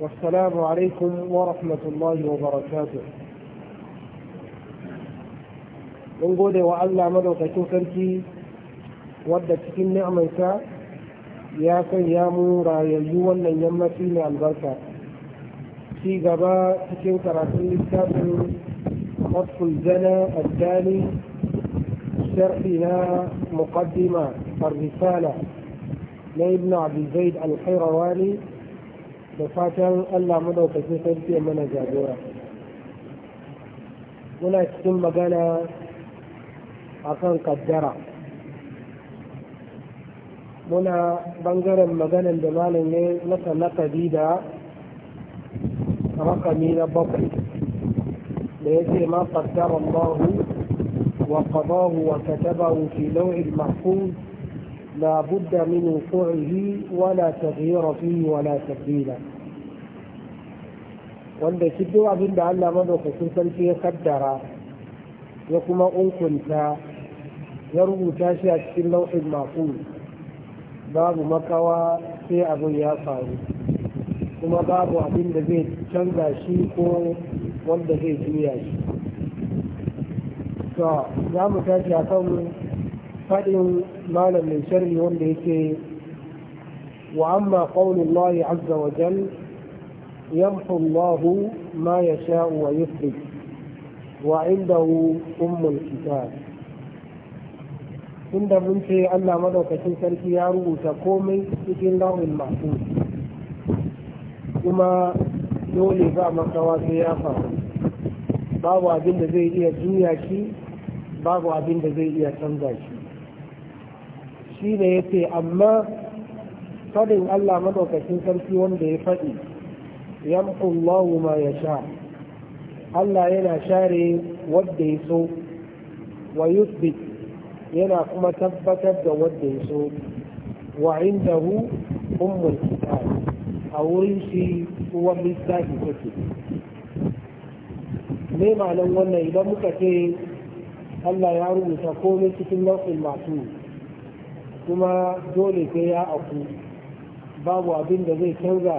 والسلام عليكم ورحمة الله وبركاته من قول وألا مدو تكون كنتي ودك كن نعمة يا كن يا مورا يجوا النجمة فينا البركة في غبا تكون كراسل لسكاب خطف الزنا الثاني شرحنا مقدمة الرسالة لابن عبد الزيد الحيرواني da fatan allah madaukakin sarki mana jagora muna cikin magana akan kaddara muna bangaren maganan da malam ya masa nakadi da rakami na bakwai da ya ce ma kaddara Allah wa qadahu wa katabahu fi lawhil mahfuz لا بد من وقوعه ولا تغيير فيه ولا تبديل wanda shi duk abin da Allah madaukakin sarki ya kaddara ya kuma unkunta ya rubuta shi a cikin lauhin maku babu makawa sai abin ya faru kuma babu abin da zai canza shi ko wanda zai juya shi to za mu tashi a kan faɗin malam mai sharri wanda yake wa amma qawlin Allah azza wa jal yamhu Allah ma yasha'u wa yusrif wa hu ummul kitab tunda mun ce Allah madaukakin sarki ya rubuta komai cikin launin masu kuma dole ba makawa sai ya faru babu abin da zai iya juya shi babu abin da zai iya canza shi shi ne ya ce amma fadin Allah madaukakin sarki wanda ya faɗi yamqu Allahu ma sha Allah yana share wanda ya so wa yuthbit yana kuma tabbatar da wanda ya so wa indahu ummul kitab a wurin shi uwar littafi take me ma'anar wannan idan muka ce Allah ya rubuta komai cikin nau'in masu kuma dole sai ya aku babu abin da zai canza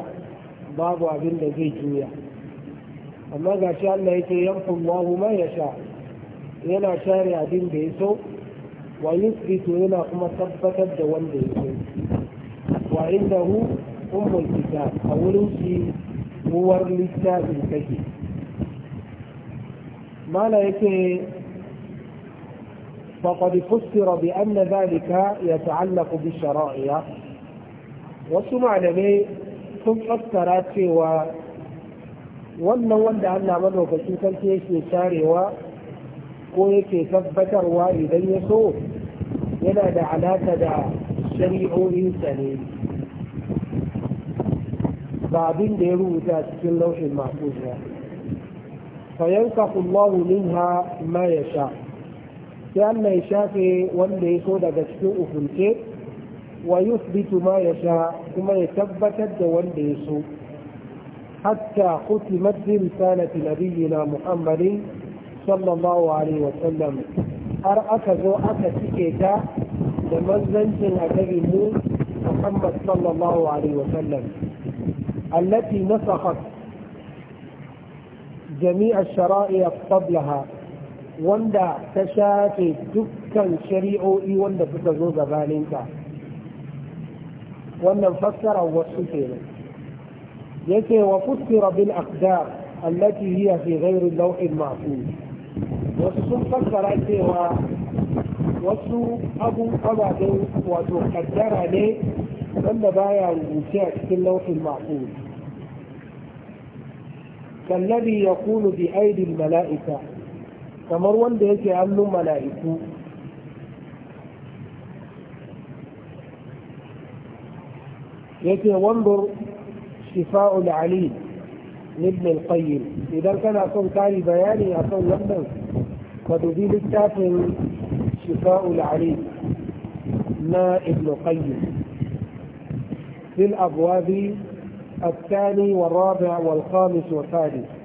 babu abin da zai juya amma ga shi Allah yake yankun mahu ma ya sha yana share abin da ya so wa yusbitu yana kuma tabbatar da wanda ya so wa indahu ummul kitab a wurin shi ruwar littafin take mala yake فقد فسر بأن ذلك يتعلق بالشرائع وسمع نبي ثم فسرت في و ولا ولا أن من هو في سلسة يشي شاروا كويك يثبتر والدن يسوه ينا دعا لا تدعا الشريع الانسانين بعدين ديرو ذات في اللوح المحفوظ فينكح الله منها ما يشاء كان ما يشافي ولي كودا في وفلتي ويثبت ما يشاء ثم يثبت ولي يسوء حتى ختمت برسالة نبينا محمد صلى الله عليه وسلم أرأك ذو أكا تكيتا لمزن من محمد صلى الله عليه وسلم التي نسخت جميع الشرائع قبلها wanda ta shafe dukkan shari'o'i wanda suka zo gabaninka wannan fassara wasu kenan yake wa fassara bil aqdar allati hiya fi ghairi lawhin ma'qul wasu sun fassara cewa wasu abun ababen wato kaddara ne wanda baya rubuce a cikin lawhin ma'qul kallabi yaqulu bi aidi al mala'ika kamar wanda yake hannun mala'iku yake wandur shifa'ul ali ibn al-qayyim idan kana son kari bayani a kan wannan ka dubi littafin shifa'ul ali na ibn al-qayyim في الأبواب الثاني والرابع والخامس والسادس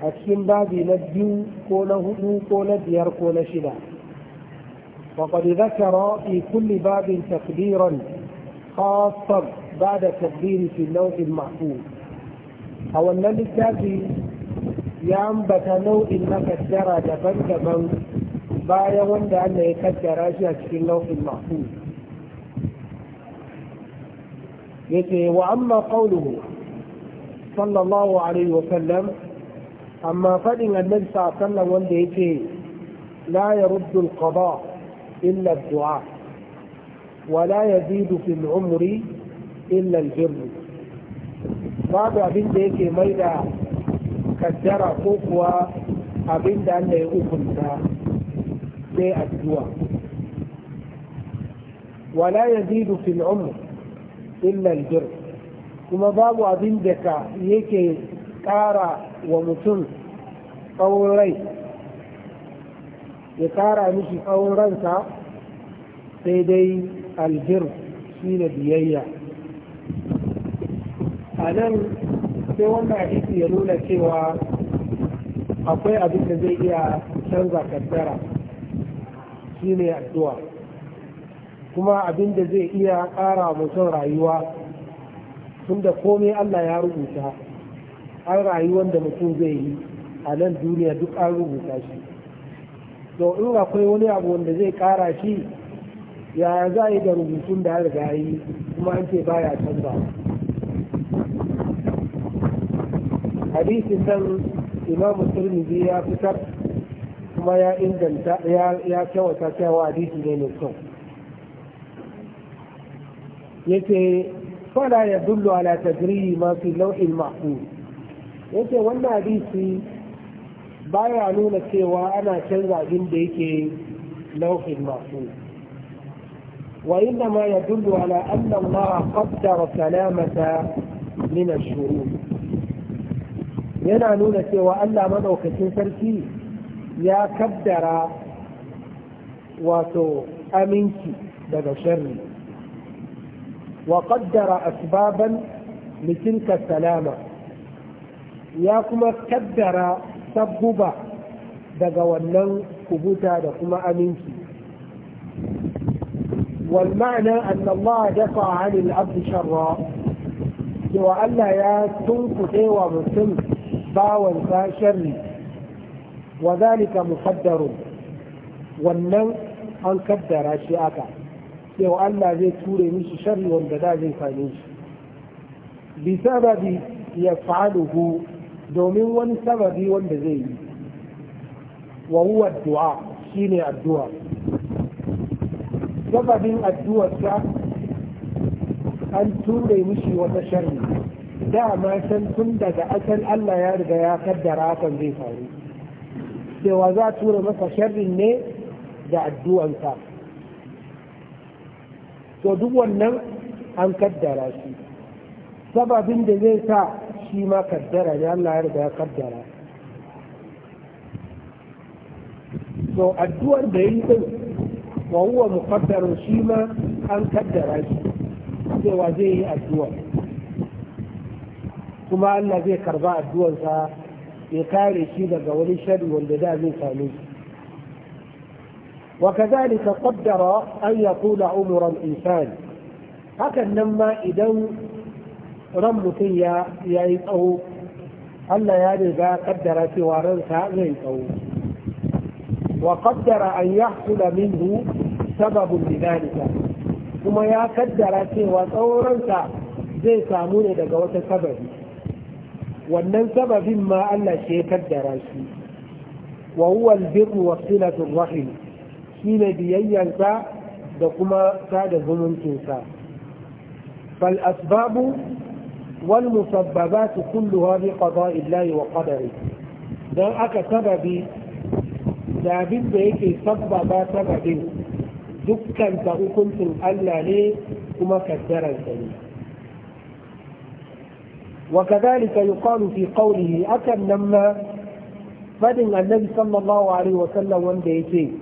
a باب babi قول هدو قول ديار قول ko وقد ذكر في كل باب تقديرا خاصا بعد تقدير في النوع المحفوظ أو أن الكافي ينبت نوع مكدر دبن دبن بايا وند أن يكدر في النوع المحفوظ يتي وأما قوله صلى الله عليه وسلم amma faɗin annabi sallallahu wanda yake la yaruddu al-qada illa ad-du'a wa la yazidu fi umri illa al babu abin da yake maida kaddara ko kuwa abin da Allah ya hukunta sai addu'a wala yazidu fil umr illa al kuma babu abin da yake ƙara wa mutum tsawon rai ya ƙara mishi tsawon ransa sai dai albir shi ne biyayya a nan sai wannan hadisi ya nuna cewa akwai abin da zai iya canza kaddara shi ne addu'a kuma abin da zai iya ƙara mutum rayuwa tunda komai Allah ya rubuta an rayuwar da mutum zai yi a nan duniya duk an rubuta shi to in akwai wani abu wanda zai kara shi ya za a yi da rubutun da riga yi kuma an ce baya canza hadisin nan imam turmizi ya fitar kuma ya inganta ya kyawata cewa hadisi ne mai kyau yake fala ya dullu ala tajrihi ma fi lawhil mahfuz yake wannan hadisi baya nuna cewa ana canza abin da yake laufin masu وإنما يدل على أن الله قدر سلامة من الشرور yana nuna cewa Allah maɗaukacin sarki ya kaddara wato aminci daga sharri wa kaddara asbaban litilka salama ya kuma kaddara sabbuba daga wannan kubuta da kuma aminci ma'anan أن الله dafa عن العبد sharra cewa Allah ya tunkuɗe wa mutum bawansa sharri wa zalika muqaddaru wannan an kaddara shi aka cewa Allah zai ture mishi sharri wanda da zai same shi bi yaf'aluhu domin wani sababi wanda zai yi wa huwa du'a shine addu'a sababin addu'arsa an tura mishi wata sharri dama san tun daga asal Allah ya riga ya kaddara hakan zai faru cewa za a tura masa sharrin ne da addu'ansa to duk wannan an kaddara shi sababin da zai sa shi ma kaddara ne Allah ya riga ya kaddara so addu'ar da yi din wa huwa muqaddarun shi ma an kaddara shi cewa zai yi addu'a kuma Allah zai karba addu'arsa ya kare shi daga wani shari wanda da zai same shi وكذلك قدر أن يطول عمر الإنسان هكذا لما إذا ran mutum ya yi tsawo Allah ya riga kaddara cewa ransa zai tsawo wa kaddara an ya min minhu sababin bidanika kuma ya kaddara cewa tsauransa zai samu ne daga wata sababi wannan sababin ma Allah ce ya kaddara shi wa huwa albirru wa silatul rahim shine biyayyansa da kuma sada zumuncinsa fal asbabu والمسببات كلها بقضاء الله وقدره dan aka sababi da abin da yake sabbaba sababin dukkan ta hukuncin Allah ne kuma kaddaran sa ne wa kadhalika yuqalu fi qawlihi akan lamma fadin annabi sallallahu alaihi wa sallam wanda yake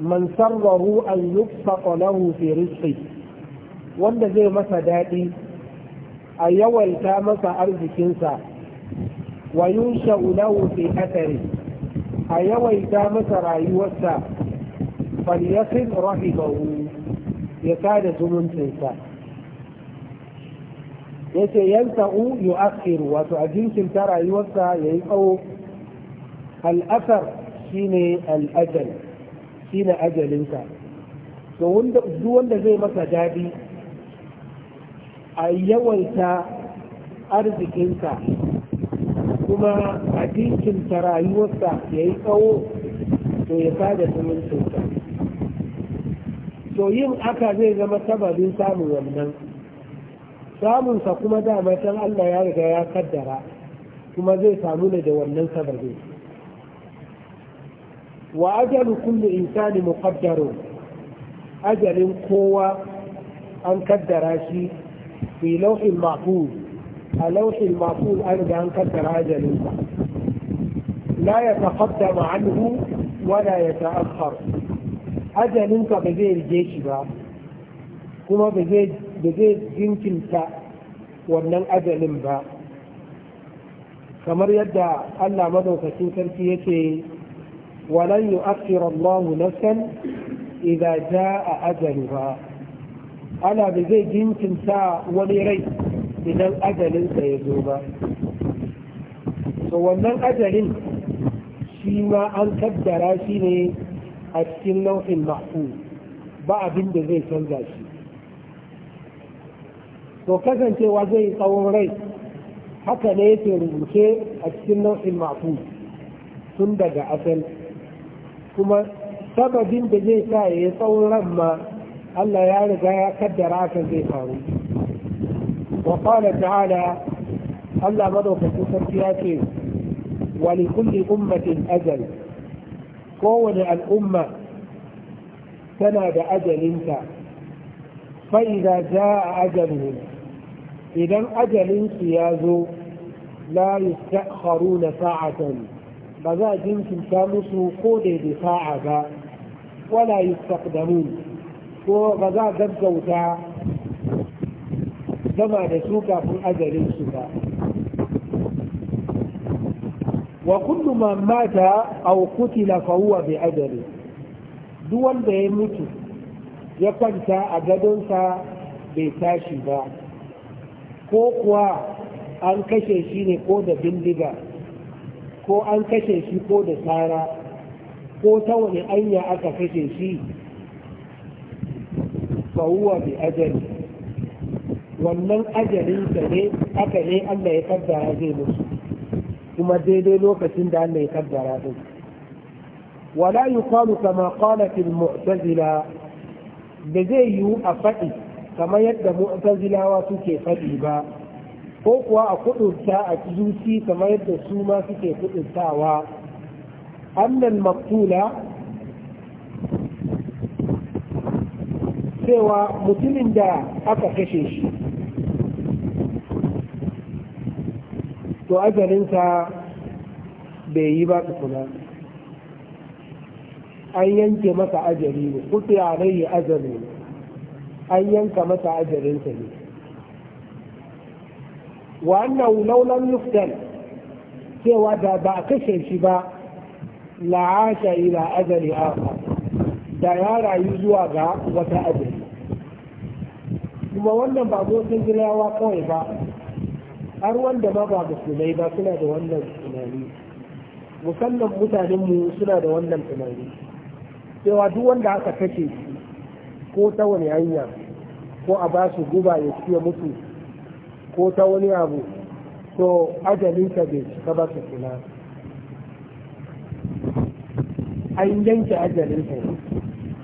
man sarrahu an yufsaqa lahu fi rizqi wanda zai masa daɗi. a yawaita masa arzikinsa wa yunsha lahu fi a yawaita masa rayuwarsa falyasin rahimahu ya kada zumuncinsa yace yansa'u yu'akhiru wato a ta rayuwarsa yayi tsawo al'asar shine al'ajal shine ajalinsa to duk wanda zai masa dadi a yawaita arzikinsa kuma a dinkinta rayuwarsa ya yi tsawo to ya sada zumuncinsa to yin aka zai zama sababin samun wannan samunsa kuma damatan Allah ya riga ya kaddara kuma zai samu da wannan sababin wa ajalu kullu insani muqaddarun ajalin kowa an kaddara shi fi lauhin mahfuz a lauhin mahfuz an riga an kaddara ajalinsa la ya taqaddama anhu wala ya ta'akhkhar ajalinka ba zai rige shi ba kuma ba zai jinkinta wannan ajalin ba kamar yadda Allah madaukakin sarki yake walan yu'akhkhir Allahu nafsan a ajali ba. ana da zai jinkinta wani rai idan ajalinsa ya zo ba to wannan ajalin shi ma an kaddara shi ne a cikin nau'in mahfu ba abin da zai canza shi to kasancewa zai tsawon rai haka ne yake rubuce a cikin nau'in mahfu tun daga asali kuma sababin da zai sa ya yi tsawon ran ma الليالي كالدراسة في قوم وقال تعالى ألا مضوا في التسجيات ولكل أمة أجل كون الأمة سنى بأجل انت فإذا جاء أجلهم إذا أجل انت لا يستأخرون ساعة بذا جنس كانوا سوقوا بساعة ولا يستقدمون ko ba za a gaggauta zama da su kafin ajalin su ba wa kullu man mata aw qutila fa huwa bi ajali duk wanda ya mutu ya kwanta a gadonsa bai tashi ba ko kuwa an kashe shi ne ko da bindiga ko an kashe shi ko da tsara ko ta wani anya aka kashe shi fahuwa bi ajali wannan ajalinsa ne aka ne Allah ya kaddara zai musu kuma daidai lokacin da Allah ya kaddara din wala yuqalu kama qalat al mu'tazila da zai yiwu a faɗi kamar yadda mu'tazilawa suke faɗi ba ko kuwa a kudurta a zuci kamar yadda su ma suke kudurtawa annal maktula cewa mutumin da aka kashe shi to ajalinsa bai yi ba tukuna an yanke masa ajali ne kuke a rai ajali an yanka masa ajalinsa ne wannan laulan yuftal cewa da ba a kashe shi ba la'asha ila ajali aka da ya rayu zuwa ga wata ajali kuma wannan ba gosan yawa kawai ba har wanda ma ba musulmai ba suna da wannan tunani musamman mutanenmu suna da wannan tunani cewa duk wanda aka kashe ko ta wani hanya ko a ba su guba ya ciye mutu ko ta wani abu to ajalinka bai cika ba su kula an yanke ajalinka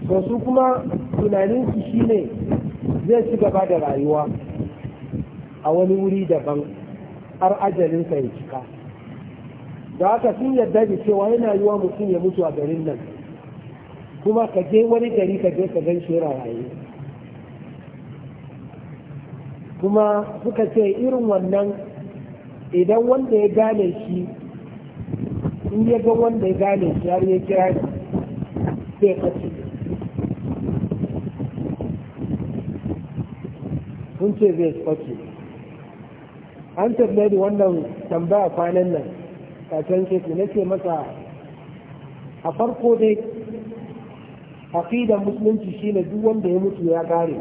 to su kuma shi shine zai ci gaba da rayuwa a wani wuri daban har sa ya cika da haka sun yarda da cewa yana yiwa mutum ya mutu a garin nan kuma ka je wani gari ka je ka gan shi raye kuma suka ce irin wannan idan wanda ya gane shi in ya ga wanda ya gane shi har ya kira shi sai kun ce zai tsoke an tafiye da wannan tambaya kwanan nan kakan ke na ce masa a farko dai haƙidan musulunci shine duk wanda ya mutu ya kare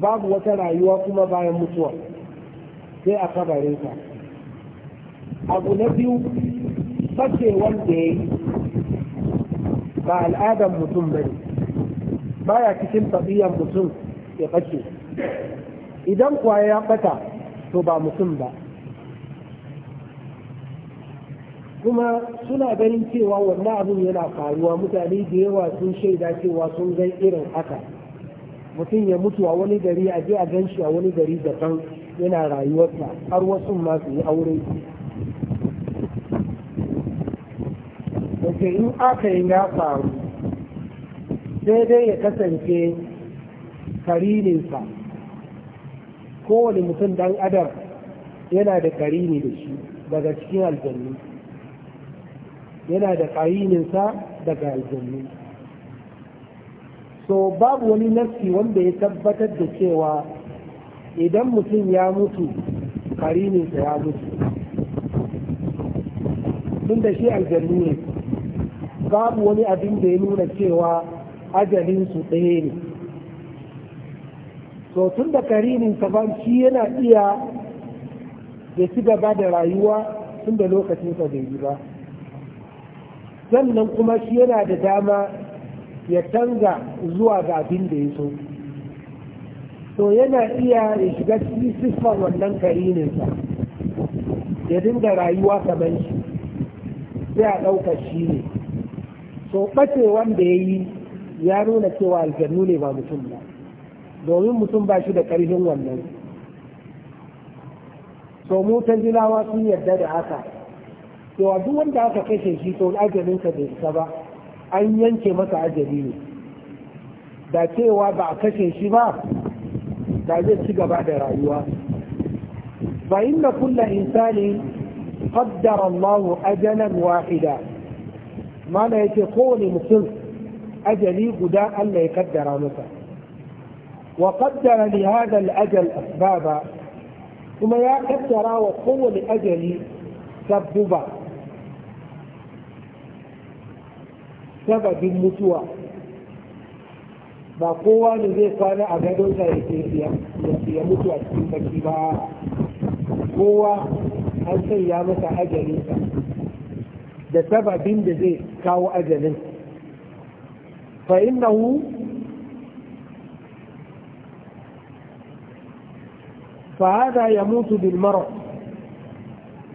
babu wata rayuwa kuma bayan mutuwa sai a kabarinsa abu na biyu sace wanda ya yi ba al'adar mutum bane baya cikin tabiyan mutum ya fashe idan kwaya ya bata to ba mutum ba kuma suna ganin cewa wannan abin yana faruwa mutane da yawa sun shaida cewa sun gan irin haka mutum ya mutu a wani gari a je a gan shi a wani gari da daban yana rayuwarsa har wasu ma su yi aure Ok, in aka yi ya faru sai dai ya kasance karininsa kowane mutum dan adam yana da karini da shi daga cikin aljannu yana da karininsa daga aljannu so babu wani nafsi wanda ya tabbatar da cewa idan mutum ya mutu karininsa ya mutu tun da shi aljannu babu wani abin da ya nuna cewa ajalinsu ɗaya ne to tun da karinin ban shi yana iya da ci gaba da rayuwa tun da lokacinsa bai yi ba sannan kuma shi yana da dama ya canza zuwa ga abin da ya so to yana iya ya shiga cikin wannan sa ya dinga rayuwa kamar shi sai a ɗauka shi ne so ɓace wanda ya yi ya nuna cewa aljannu ne ba mutum ba domin mutum ba shi da ƙarfin wannan so mu tanzilawa sun yarda da haka cewa duk wanda aka kashe shi to ajalinsa bai isa ba an yanke masa ajali ne da cewa ba a kashe shi ba da zai ci gaba da rayuwa fa inna kulla insani qaddara Allah ajalan wahida mana yake kowane mutum ajali guda Allah ya kaddara masa وقدر لهذا الأجل أسبابا ثم يا قدر وقوة الأجل سببا سبب المتوى ba kowa ne zai kwana a sa ya mutu a cikin baki ba kowa an ya masa ajalinsa da sababin da zai kawo ajalin fa innahu فهذا يموت بالمرض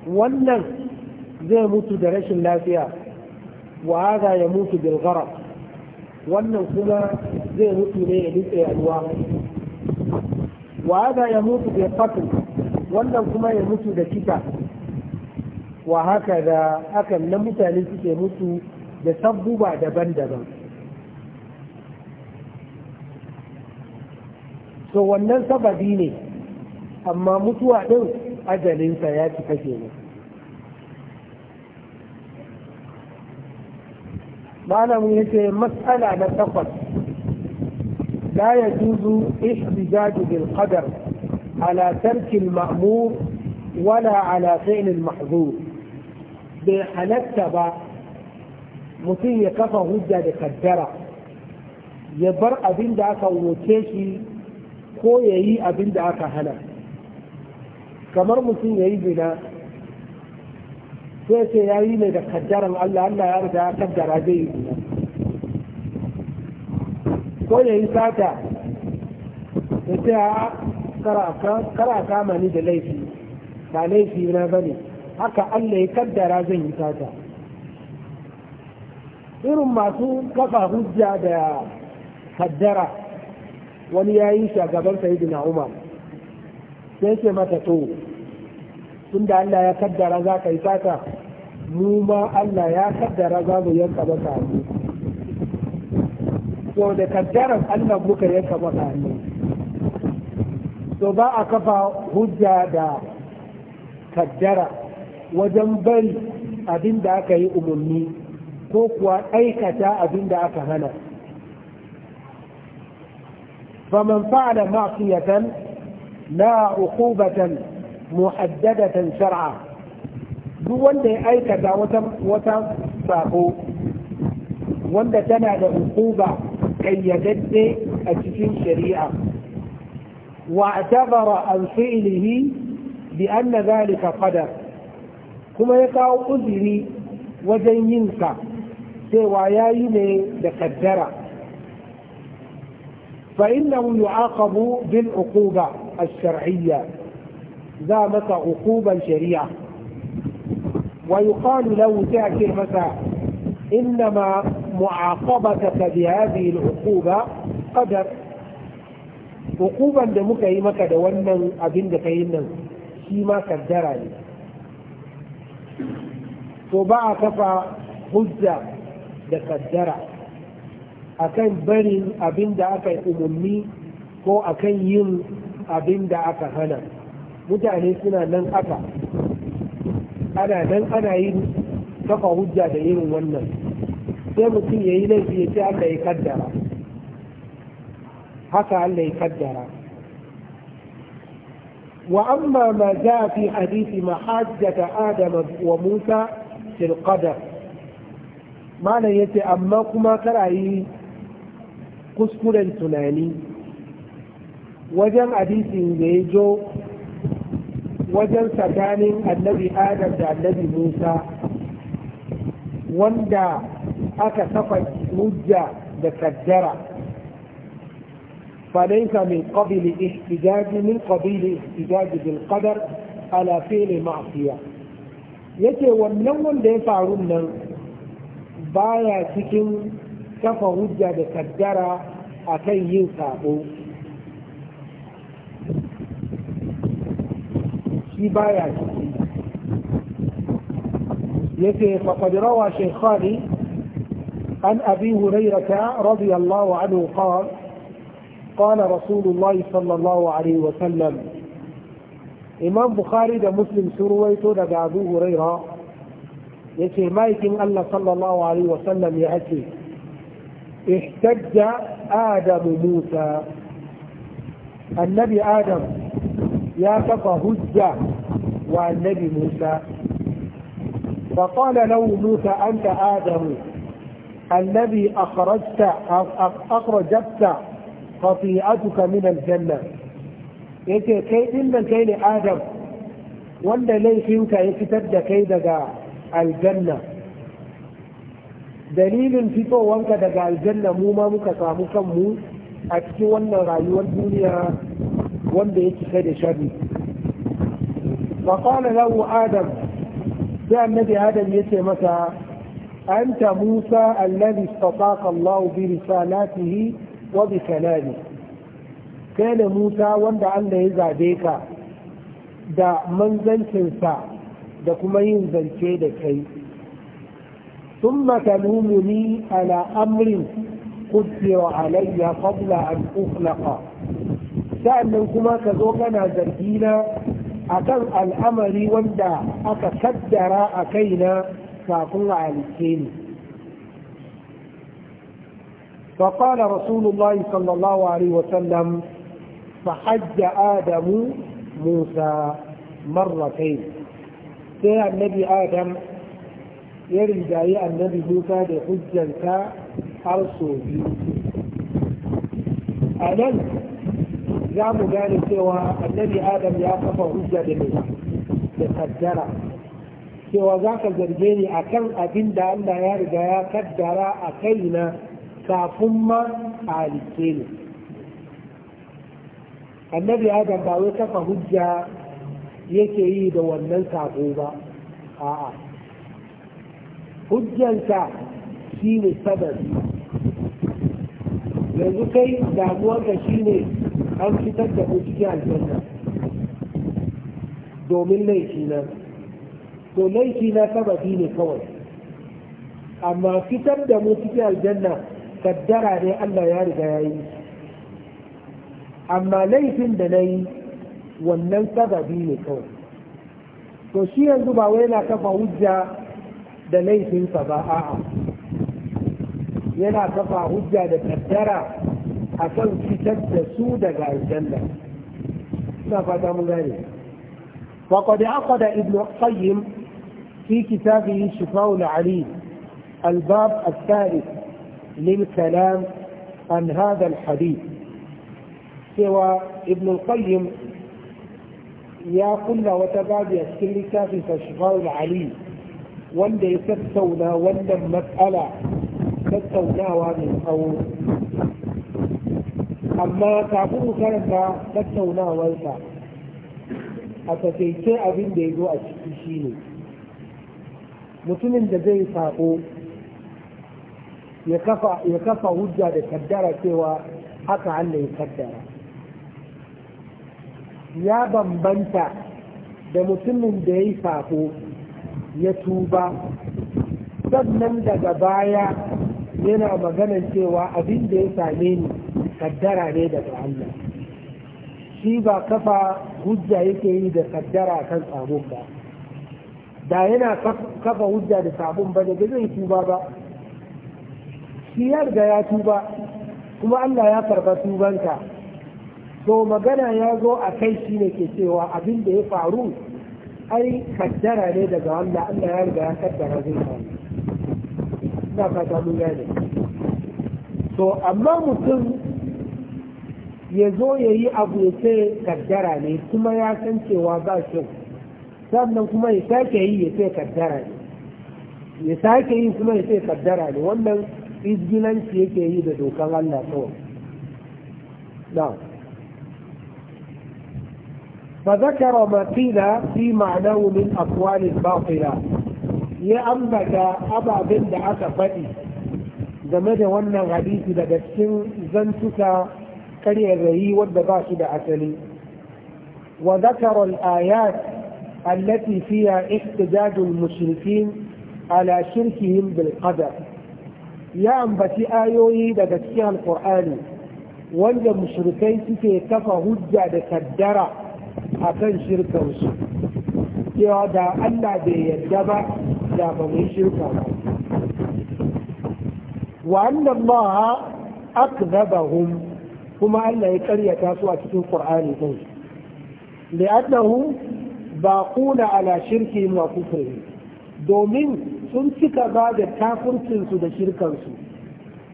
wannan zai mutu da rashin lafiya wa ya mutu bil gharq wannan kuma zai mutu ne da dutse alwa wa hada ya mutu bil qatl wannan kuma ya mutu da kisa wa haka da hakan na mutane suke mutu da sabbuba daban-daban so wannan sababi ne amma mutuwa ɗin ajalinsa ya cika ne. malamin ya ce matsala na takwas la ya juzu ihtijaju bil qadar ala tarki al ma'mur wala ala fi'l al mahzur bai halatta ba mutum ya kafa hujja da kaddara ya bar abin da aka wuce shi ko ya yi abin da aka hana kamar mutum ya yi zina sai sai ya yi ne da kaddaran Allah Allah ya riga ya kaddara zai yi zina ko ya yi sata ya ce a kama ni da laifi ba laifi na bane haka Allah ya kaddara zan yi sata irin masu kafa hujja da kaddara wani ya yi shagaban sayidina Umar sai ce mata to tunda Allah ya kaddara za ka yi sata mu ma Allah ya kaddara za mu yanka maka hannu so da kaddaran Allah muka yanka maka hannu so ba a kafa hujja da kaddara wajen bari abin da aka yi umarni ko kuwa aikata abin da aka hana faman fa'ala ma'siyatan لا عقوبة محددة شرعا duk wanda ya aikata wata sako wanda tana da hukuba kayyadadde a cikin shari'a wa atabara an fi'lihi bi anna zalika qadar kuma ya kawo uzuri wajen yin sa cewa yayi ne da kaddara فإنه يعاقب بالعقوبة الشرعية ذا متى عقوبة شريعة ويقال له تأكل متى إنما معاقبتك بهذه العقوبة قدر عقوبا da muka yi maka da wannan abin da ka yi akan barin abin da aka yi umarni ko akan yin abin da aka hana mutane suna nan aka ana nan ana yin kafa hujja da irin wannan sai mutum ya yi laifi ya ce Allah ya kaddara haka Allah ya kaddara wa amma ma za a fi hadisi mahajjata Adama wa Musa shirkadar. Malam ya ce amma kuma karayi kuskuren tunani wajen hadisin da ya jo wajen tsakanin annabi adam da annabi musa wanda aka tafa hujja da kaddara فليس من قبيل احتجاج من قبيل احتجاج بالقدر على فعل معصية yake wannan wanda ya faru nan baya cikin كفى hujja da kaddara a kan yin يتي فقد روى شيخان عن أبي هريرة رضي الله عنه قال قال رسول الله صلى الله عليه وسلم إمام بخاري ده مسلم سرويته ده أبو هريرة يتي مايكين الله صلى الله عليه وسلم يأتي احتج آدم موسى النبي آدم يا كفى هجة والنبي موسى فقال له موسى أنت آدم الذي أخرجت أخرجت خطيئتك من الجنة yake kai din nan kai ne adam wanda laifinka ya dalilin fitowanka daga aljanna mu ma muka samu kanmu a cikin wannan rayuwar duniya wanda ya cika da sharri fa qala lahu adam sai annabi adam ya ce masa anta musa alladhi istataqa Allah bi risalatihi wa bi kalami kai da musa wanda Allah ya zabe ka da manzancinsa da kuma yin zance da kai ثم تلومني على أمر قدر علي قبل أن أخلق sa'annan kuma ka zo kana zargina a kan al'amari wanda aka فقال رسول الله صلى الله عليه وسلم فحج آدم موسى مرتين سيئ النبي آدم ya rinjaye annabi musa da hujjanta har so biyu a nan za mu gane cewa annabi adam ya kafa hujja da mai da kaddara cewa za ka zarge ni a kan abin da allah ya riga ya kaddara a kaina kafin ma a halitte annabi adam ba wai kafa hujja yake yi da wannan sako ba a'a hujjanka shi ne sabari yanzu kai damuwarka shi ne an fitar da cikin aljanna domin laifi na to laifi na sababi ne kawai amma fitar da mu ciki aljanna kaddara ne Allah ya riga ya yi amma laifin da na yi wannan sababi ne kawai to shi yanzu ba wai na kafa hujja da laifinsa ba a'a yana kafa hujja da tattara a kan fitar da su daga aljanna ina fata mun gane وقد عقد ابن القيم في كتابه شفاء العليل الباب الثالث للكلام عن هذا الحديث سوى ابن القيم يا كل وتبادي السلكة في شفاء العليل wanda ya tattauna wannan matsala tattaunawa mai tsawo amma kafin mu karanta tattaunawarsa a tafaice abin da ya zo a ciki shine mutumin da zai sako ya kafa hujja da kaddara cewa haka Allah ya kaddara ya bambanta da mutumin da ya yi sako ya tuba sannan daga baya yana maganar cewa abin da ya same ni kaddara ne daga Allah shi ba kafa hujja yake yi da kaddara kan sabon ba da yana kafa hujja da sabon ba da zai tuba ba shi ya riga ya tuba kuma Allah ya karba tubanka to magana ya zo a kai shi ne ke cewa abin da ya faru ai kaddara ne daga wanda Allah ya riga ya kaddara zai faru ina fata mun gane to amma mutum ya zo ya yi abu ya ce kaddara ne kuma ya san cewa ba shi sannan kuma ya sake yi ya ce kaddara ne ya sake yi kuma ya ce kaddara ne wannan izgilanci yake yi da dokan Allah kawai فذكر ما قيل في معناه من أقوال باطلة يا أمك أبا بن دعك فدي game da wannan hadisi daga cikin zantuka karyarrayi wadda ba shi da asali wa zakara al-ayat allati fiha ihtijaju al-mushrikin ala shirkihim bil ya ambaci ayoyi daga cikin alqur'ani wanda mushirikai suke kafa hujja da kaddara a kan shirkansu cewa da Allah bai yadda ba da ba mu shirka ba wa annan akzaba akzabahum kuma Allah ya karyata su a cikin Qur'ani din ba kuna ala shirki wa kufri domin sun cika ba da kafircinsu da shirkansu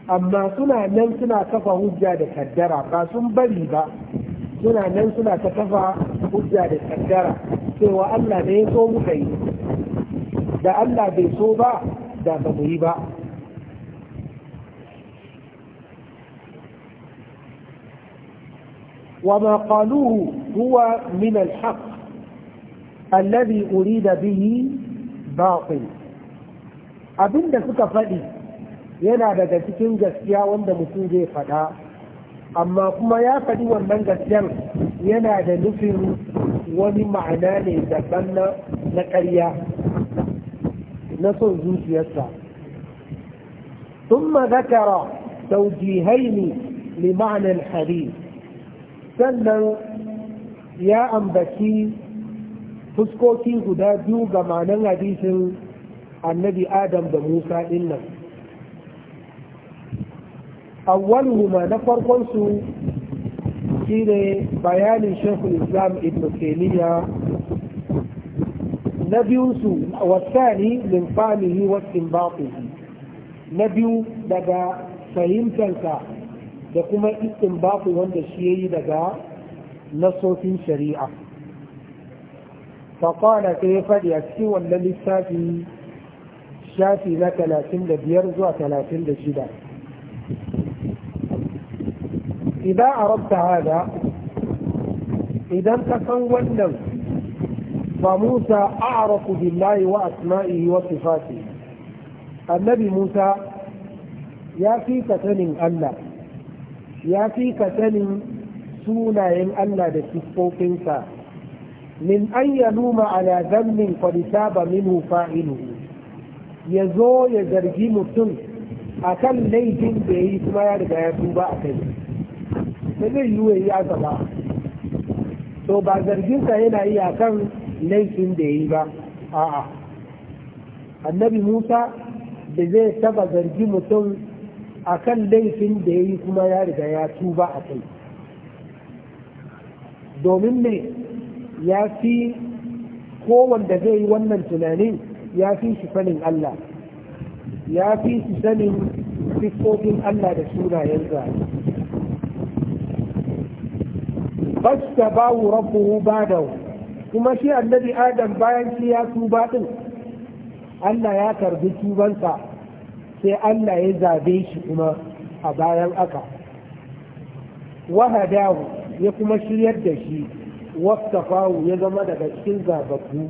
amma suna nan suna kafa hujja da kaddara ba sun bari ba suna nan suna ta kafa hujja da kaddara cewa Allah ne ya so muka yi da Allah bai so ba da ba mu yi ba وما قالوه هو من الحق الذي أريد به باطل abin da suka faɗi yana daga cikin gaskiya wanda mutum zai faɗa amma kuma ya faɗi wannan gaskiyar yana da nufin wani ma'ana ne daban na ƙarya na son zuciyarsa ثم ذكر توجيهين لمعنى الحديث sannan ya ambaci fuskoki guda biyu ga manan hadisin annabi adam da musa dinnan awwaluhuma na su. shine bayanin shekul islam ibn taimiyya na biyu su wasani min wasu wasin na biyu daga fahimtarka da kuma istin baƙi wanda shi yayi daga nasofin shari'a faƙwana ta ya faɗi a cikin wannan lissafi shafi na 35 zuwa 36 إذا أردت هذا إذا تكون فموسى أعرف بالله وأسمائه وصفاته النبي موسى يا في كتن ألا يا في كتن سونا إن ألا بسفوكنسا من أن يلوم على ذنب قد تاب منه فاعله يزو يزرجي متن أكل ليجن به ما يرجع يتوب أكله ba zai yi wai ya zama. to ba zarginsa yana iya kan laifin da ya yi ba a'a annabi musa da zai taba zargi mutum akan laifin da ya yi kuma ya riga ya tuba a kai domin ne ya fi kowanda zai yi wannan tunanin ya fi shi sanin allah ya fi shi sanin siffofin allah da zai ba fastabahu da da kuma shi annabi adam bayan shi ya tuba din Allah ya karbi tubansa sai Allah ya zabe shi kuma a bayan aka wahadahu ya kuma shiryar da shi wastafahu ya zama daga cikin zababbu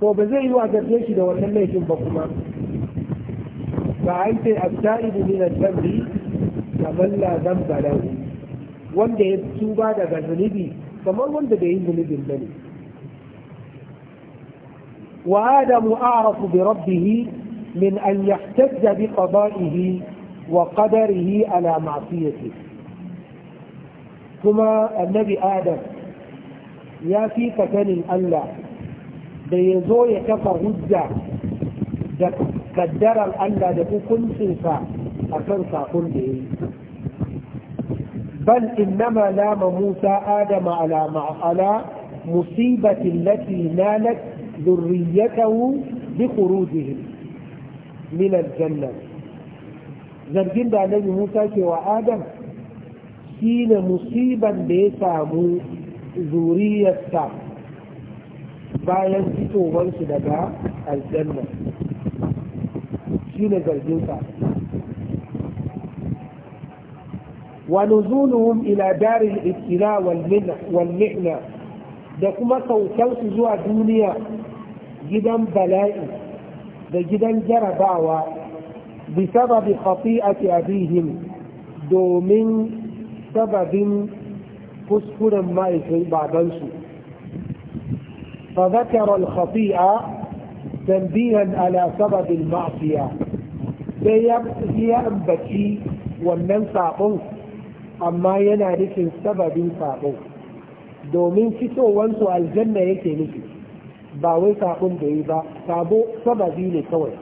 to ba zai yi wa shi da wannan laifin ba kuma ba an ce abta'ibu min al-dhanbi kamar la dhanba wanda ya tuba daga zunubi kamar wanda bai yi zunubin ba ne wa adamu a'rafu bi rabbih min an yahtajja bi qada'ihi wa qadarihi ala ma'siyati kuma annabi adam ya fi sanin Allah da ya zo ya kafa hujja da kaddarar Allah da hukuncinsa a kan sakon da ya yi بل إنما لام موسى آدم على على مصيبة التي نالت ذريته بخروجهم من الجنة zargin da annabi Musa ke wa Adam shine ne musiban da ya samu zuriyarta bayan fitowarsu daga aljanna shine zarginsa ونزولهم إلى دار الابتلاء والمحنة دكما سوكو سجوا دنيا جدا بلائي جدا جرباوة بسبب خطيئة أبيهم دومين سبب فسكرا ما يكون بعد انسو فذكر الخطيئة تنبيها على سبب المعصية سيأم بكي والمنسى قنص amma yana nufin sababin sabo domin fitowansu aljanna yake nufi ba wai sabon da yi ba sabo sababi ne kawai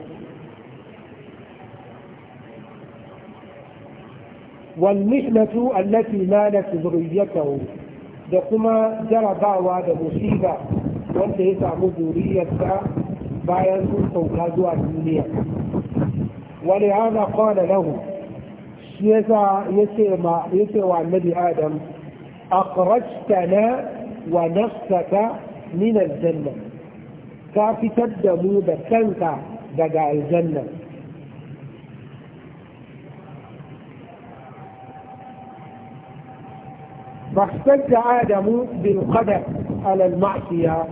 والمحنة التي نالت ذريته da kuma jarabawa da musiba wanda ya samu ta bayan sun sauka zuwa duniya wani hana kwana lahu يسعى يسعى ما النبي آدم أخرجتنا ونفسك من الجنة كافي تبدأ بسنك دقاء الجنة فاحتج آدم بالقدر على المعصية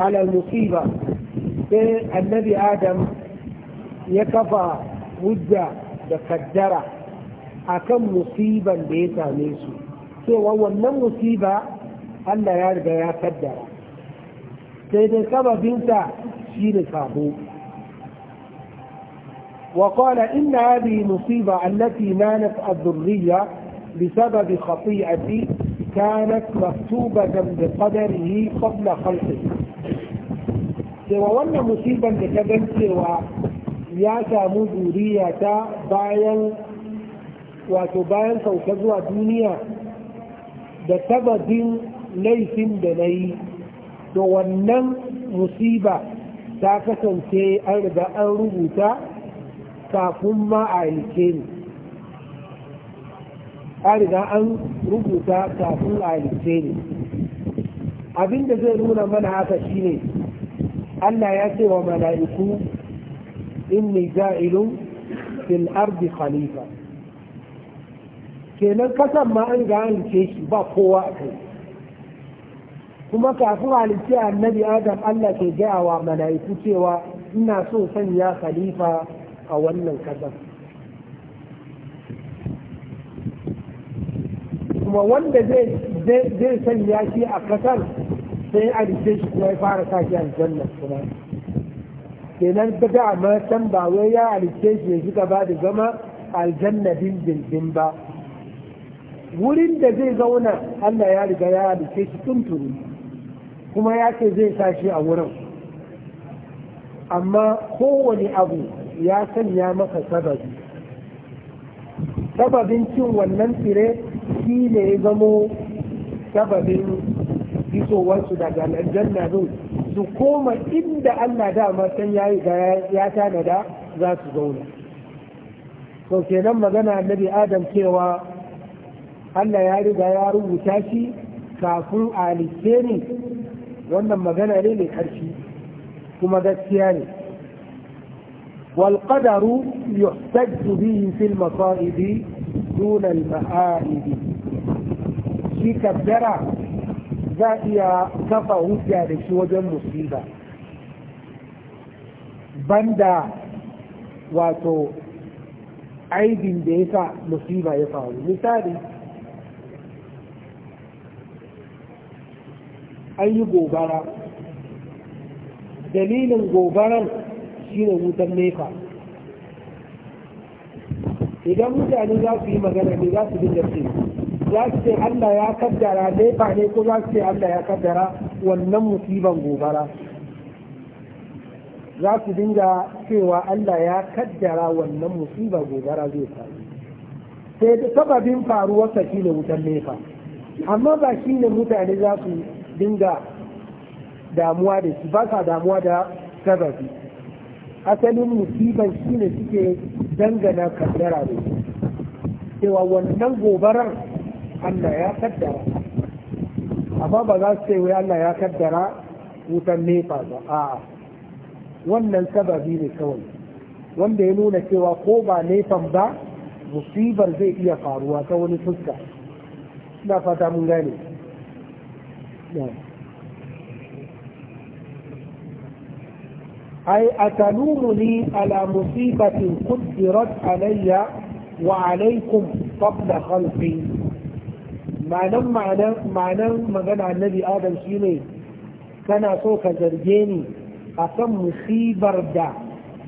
على المصيبة النبي آدم يكفى وجه بقدره akan musiban da ya same su cewa wannan musiba Allah ya riga ya kaddara sai dai sababinta shi ne sabo وقال إن هذه مصيبة التي نالت الذرية بسبب خطيئتي كانت مكتوبة بقدره قبل خلقه cewa wannan musibar da ta gan cewa ya samu zuriya ta bayan wato bayan sauka zuwa duniya da sababin laifin da na yi da wannan musiba ta kasance an riga an rubuta kafin ma a aike ni an riga an rubuta kafin a ni abinda zai nuna mana haka shine Allah ya ce wa mala'iku inni ja'ilun fil ardi khalifa kenan kasan ma an ga halice shi ba kowa a kai kuma kafin halice annabi adam allah ke gaya wa mala'iku cewa ina so sanya khalifa a wannan kasan kuma wanda zai sanya shi a kasan sai a rike shi kuma ya fara sa shi aljanna kuma kenan daga a ba wai ya halice shi ya shiga ba da zama aljanna dindindin ba wurin da zai zauna Allah ya riga ya rike shi tuntuni kuma ya ce zai shi a wurin amma kowane abu ya sanya maka sababi sababin cin wannan tsire shi ne ya zamo sababin fitowarsu daga na zo su koma inda Allah da san ya ya tanada za su zauna to kenan magana annabi adam cewa Allah ya riga ya rubuta shi kafin a ne wannan magana ne mai karfi kuma gaskiya ne والقدر يحتج به في المصائب دون ma'a'idi. shi kaddara za iya kafa hujja da shi wajen musiba banda wato aibin da ya sa musiba ya faru misali an yi gobara dalilin gobaran shine wutan nefa idan mutane za su yi magana ne za su dinga ce za su ce Allah ya kaddara nefa ne ko za su ce Allah ya kaddara wannan musiban gobara za su dinga cewa Allah ya kaddara wannan musiban gobara zai faru sai da sababin faruwarsa shine wutan nefa amma ba shine mutane za su dinga damuwa da shi ba sa damuwa da sababi asalin musiban shi ne suke dangana kaddara da shi cewa wannan gobarar Allah ya kaddara amma ba za su ce wai Allah ya kaddara wutan nefa ba a'a wannan sababi ne kawai wanda ya nuna cewa ko ba nefan ba musibar zai iya faruwa ta wani fuska ina fata mun gane أي أتلومني على مصيبة قدرت علي وعليكم قبل خلقي ma'anan ma'anan magana annabi adam shi ne kana so ka zarge ni akan kan musibar da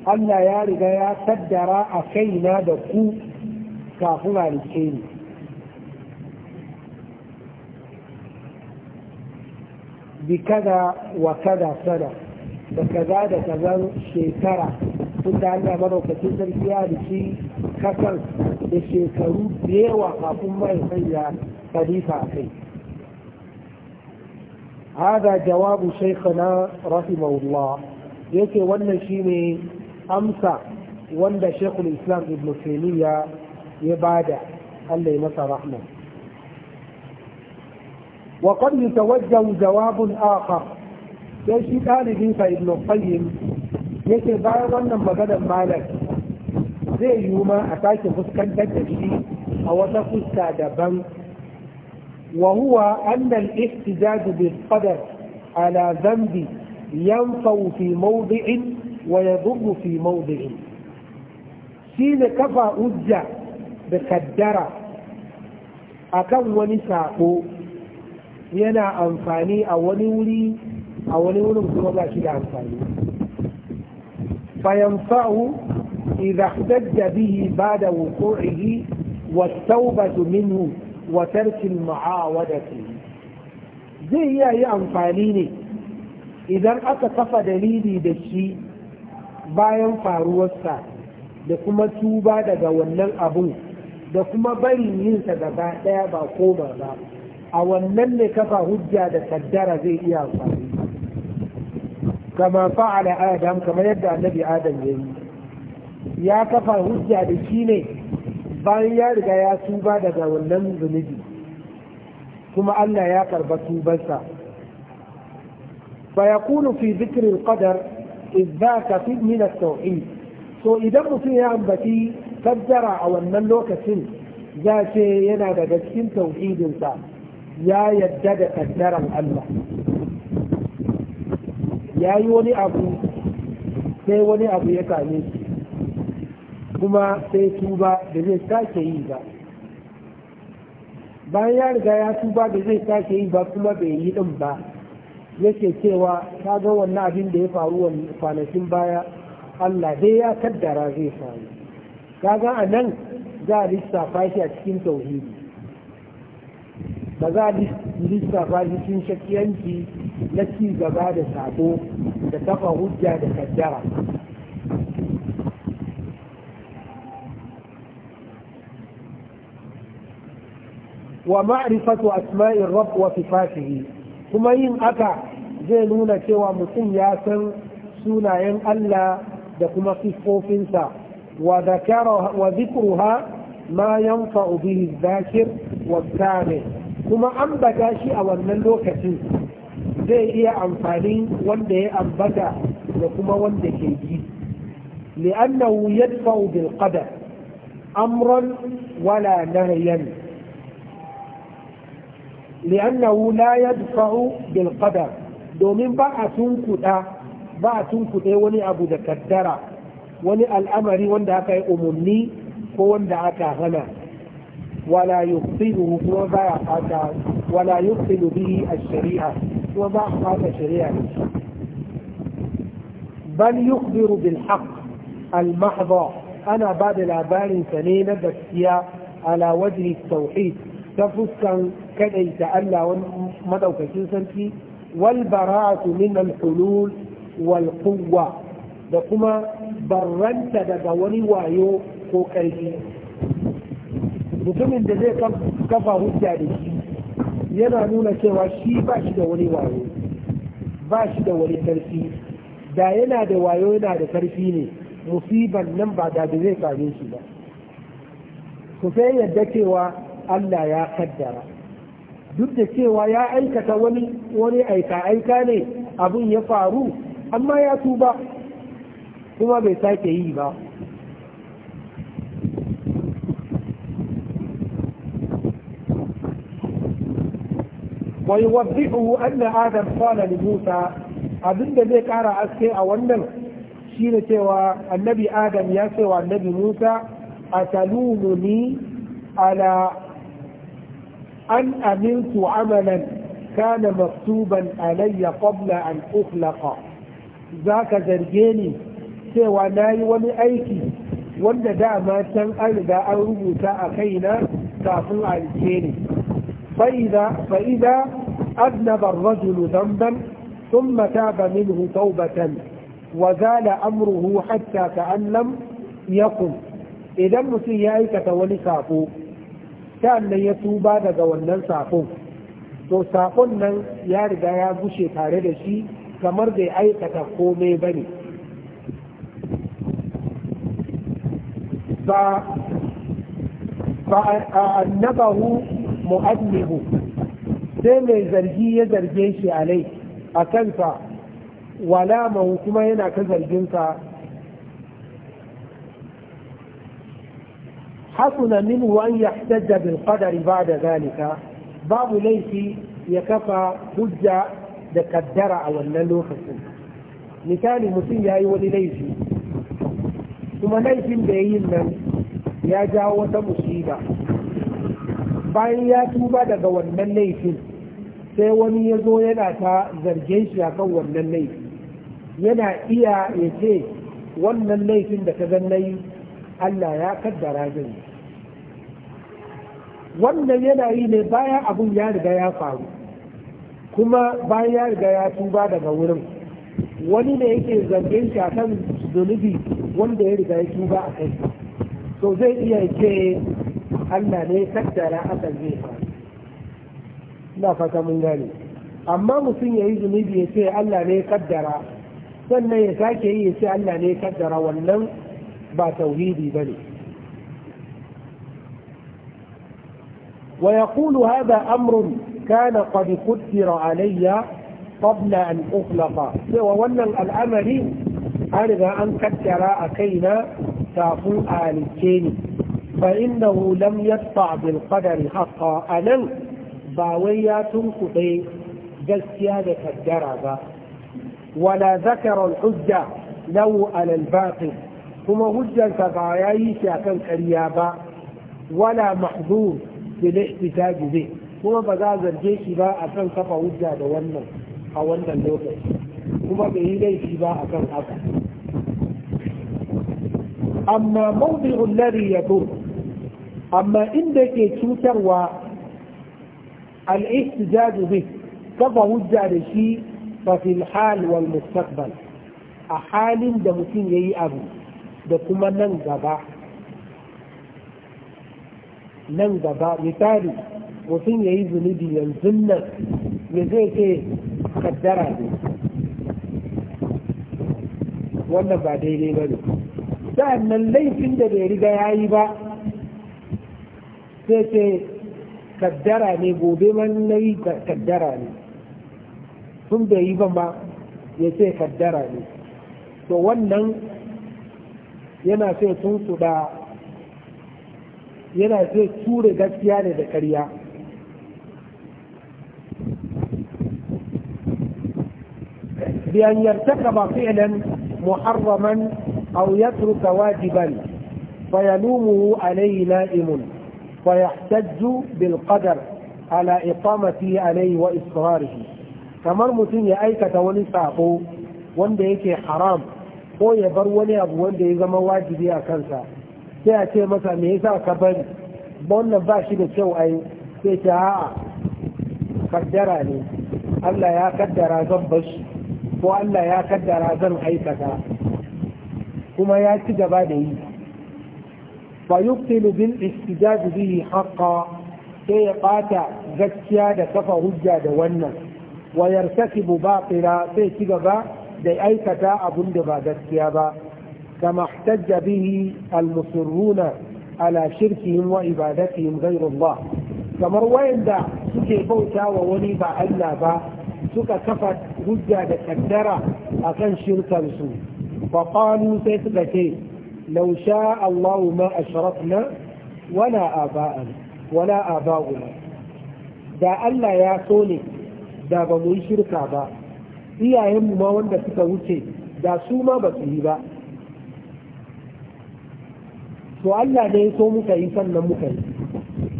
Allah ya riga ya kaddara a kaina da ku kafin a rike ni Bikada wa kada sana da kaza da kazan shekara tunda Allah madaukakin sarki ya riki kasan da shekaru da yawa kafin mai sanya khalifa a kai هذا jawabu شيخنا na الله yake wannan shine amsa wanda shekul islam ibn taymiya ya bada Allah ya masa rahma وقد يتوجه جواب آخر يشي تالبين فإبن القيم يشي بعضا لما قد المالك زي يوما أتاك فسكا تجري أو تفسك دبا وهو أن الاحتجاج بالقدر على ذنب ينفو في موضع ويضر في موضع سين كفى أجة بقدرة أكون نساقه yana amfani a wani wuri a wani wurin kuma ba shi da amfani fa'u idan ihtadda bihi ba'da wuqu'ihi wa tawbatu minhu wa tarki al-mu'awadati zai iya yi amfani ne idan aka kafa dalili da shi bayan faruwarsa da kuma tuba daga wannan abu da kuma barin yinsa gaba ɗaya ba koma ba a wannan ne kafa hujja da kaddara zai iya amfani kama fa'ala adam kamar yadda annabi adam ya yi ya kafa hujja da shi ne bayan ya riga ya tuba daga wannan zunubi kuma Allah ya karba tubansa fa yakunu fi dhikri al idza ka fi min at so idan mutum ya ambaci kaddara a wannan lokacin za ce yana daga cikin tauhidinsa ya yadda da kaddaran Allah ya yi wani abu sai wani abu ya kame shi kuma sai tuba da zai sake yi ba bayan ya riga ya tuba da zai sake yi ba kuma bai yi din ba yake cewa ta ga wannan abin da ya faru kwanakin baya Allah dai ya kaddara zai faru kaga a nan za a lissafa shi a cikin tauhidi ba za lissafa cikin shakiyanci na ci gaba da sabo da kafa hujja da kaddara wa ma'rifatu asma'in rabb wa sifatihi kuma yin haka zai nuna cewa mutum ya san sunayen Allah da kuma siffofinsa wa dhikruha ma yanfa'u bihi dhakir wa kamil kuma an ambata shi a wannan lokacin zai iya amfani wanda ya ambata da kuma wanda ke ji li'annahu yadfa'u bil qadar amran wala nahyan li'annahu la yadfa'u bil qadar domin ba a tunkuɗa ba a tunkuɗe wani abu da kaddara wani al'amari wanda aka yi umarni ko wanda aka hana ولا يبطله وما يقاطع ولا يبطل به الشريعة وما قال الشريعة بل يخبر بالحق المحض أنا بعد الأبان سنين بسيا على وجه التوحيد تفسكا كدي تألى ومدوك كثيرا والبراءة من الحلول والقوة da برنت barranta وعيو وكيفية mutumin da zai kafa hujja da shi yana nuna cewa shi ba shi da wani wayo ba shi da wani karfi da yana da wayo yana da karfi ne musiban nan ba da zai same shi ba ku sai yadda cewa Allah ya kaddara duk da cewa ya aikata wani wani aika aika ne abun ya faru amma ya tuba kuma bai sake yi ba ويوضحه أن آدم قال لموسى أبن ذيك أرى أسكي أو شين سوى النبي آدم يا سوى النبي موسى أتلومني على أن عملت عملا كان مكتوبا علي قبل أن أخلق ذاك زرجيني سوى ناي ولأيكي wanda dama can an riga an rubuta a كافو عن فإذا فإذا أذنب الرجل ذنبا ثم تاب منه توبة وزال أمره حتى ك لم يقم إذا ذ ا مسيئك تولي سافو كان لن يتوب هذا قولنا سافو تو سافونا يا رجا يا بوشي تاردشي كمرضي ايك تقومي بني فانبه مؤذنه sai mai zargi ya zarge shi alai a kansa wala kuma yana ta zarginsa hasuna min an yahtajja bil ba ba'da zalika babu laifi ya kafa hujja da kaddara a wannan lokacin misali mutum ya yi wani laifi kuma laifin da ya yi nan ya jawo wata musiba bayan ya tuba daga wannan laifin sai wani ya zo yana ta zargin shi akan wannan laifi yana iya ya ce wannan laifin da ta gan nayi Allah ya kaddara zai wannan yana yi ne bayan abun ya riga ya faru kuma bayan ya riga ya tuba daga wurin wani ne yake zargin shi akan zunubi wanda ya riga ya tuba a kai to zai iya ce Allah ne kaddara akan zai faru ina fata mun gane amma mutum ya yi zunubi ya ce Allah ne ya kaddara sannan ya sake yi ya ce Allah ne ya kaddara wannan ba tauhidi ba ne ويقول هذا أمر كان قد قدر علي قبل أن أخلق وولا الأمر أرغى أن كدر أكينا تافو آل الجين فإنه لم يدفع بالقدر حقا أنا ba wai ya tunkuɗe gaskiya da kaddara ba wala zakarar hujja lahu alal kuma hujjarsa ba ya yi shi akan ƙarya ba wala mahzur bil ihtijaj bi kuma ba za a zarge shi ba akan kafa hujja da wannan a wannan lokaci kuma bai yi laifi ba akan haka amma mawdi'ul ladhi yadur amma inda ke cutarwa الاحتجاج به kafa hujja da shi fa fil hal wal mustaqbal a halin da mutum yayi abu da kuma nan gaba nan misali mutum yayi zunubi yanzu nan ya zai ce kaddara ne wannan ba daidai ba ne sa'annan laifin da bai riga yayi ba sai ce kaddara ne gobe man na yi kaddara ne sun bai yi ban ba ya ce kaddara ne to wannan yana so sun su da yana ce ture gaskiya ne da karya بأن يرتكب فعلا محرما أو يترك واجبا فيلومه عليه فيحتج بالقدر على إقامته عليه وإصراره kamar mutum ya aikata wani sako wanda yake haram ko ya bar wani abu wanda ya zama wajibi a kansa sai a ce masa me yasa ka bari wannan ba shi da kyau ai sai ta a'a kaddara ne Allah ya kaddara zan bar shi ko Allah ya kaddara zan aikata kuma ya ci gaba da yi فيبطل بالاحتجاج به حقا كي قاتا زكيا دا كفا هجا دا ونن ويرتكب باطلا كي كذا دا ايكتا ابن دا زكيا با كما احتج به المصرون على شركهم وعبادتهم غير الله كما وين دا سكي بوتا وولي با الله با سكا كفا هجا دا كدرا اكن شركا رسول فقالوا سيسكتين لو شاء الله ما أشركنا ولا آباءنا ولا آباؤنا da Allah ya so ne da ba mu yi shirka ba iyayenmu ma wanda suka wuce da su ma ba su yi ba to Allah ne ya so muka yi sannan muka yi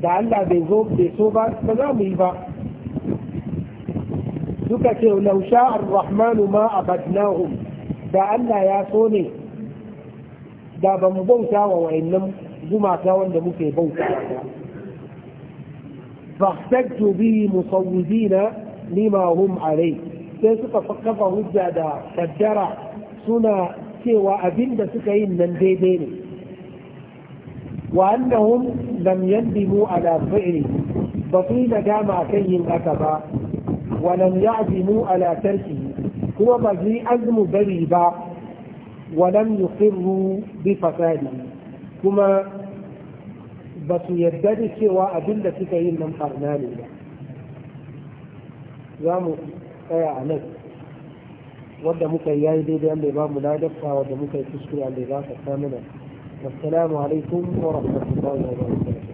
da Allah bai zo bai so ba ba za mu yi ba duka ce law sha'a ar-rahmanu ma abadnahum da Allah ya so ne da ba mu bauta wa wayannan gumaka wanda muke bauta ba fahtajju bi musawwidina lima hum alai sai suka kafa hujja da kaddara suna cewa abinda suka yi nan daidai ne wa annahum lam yandimu ala fi'li ba su yi nadama kan yin haka ba wa lam ya'zimu ala tarki kuma ba zai yi bari ba ولم يقروا بفساده كما بسيدد سوى أدلة كيين من قرنان زامو أي أنس wadda muka yi yayi daidai wanda ba mu ladabta wadda muka yi kuskure wanda za ka samuna wassalamu alaikum wa rahmatullahi wa barakatuh